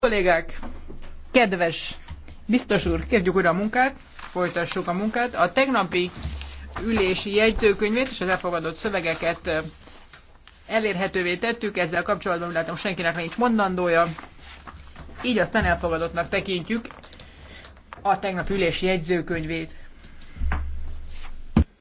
Kollégák, kedves biztos úr, kezdjük újra a munkát, folytassuk a munkát. A tegnapi ülési jegyzőkönyvét és az elfogadott szövegeket elérhetővé tettük, ezzel kapcsolatban látom senkinek nincs mondandója, így aztán elfogadottnak tekintjük a tegnapi ülési jegyzőkönyvét.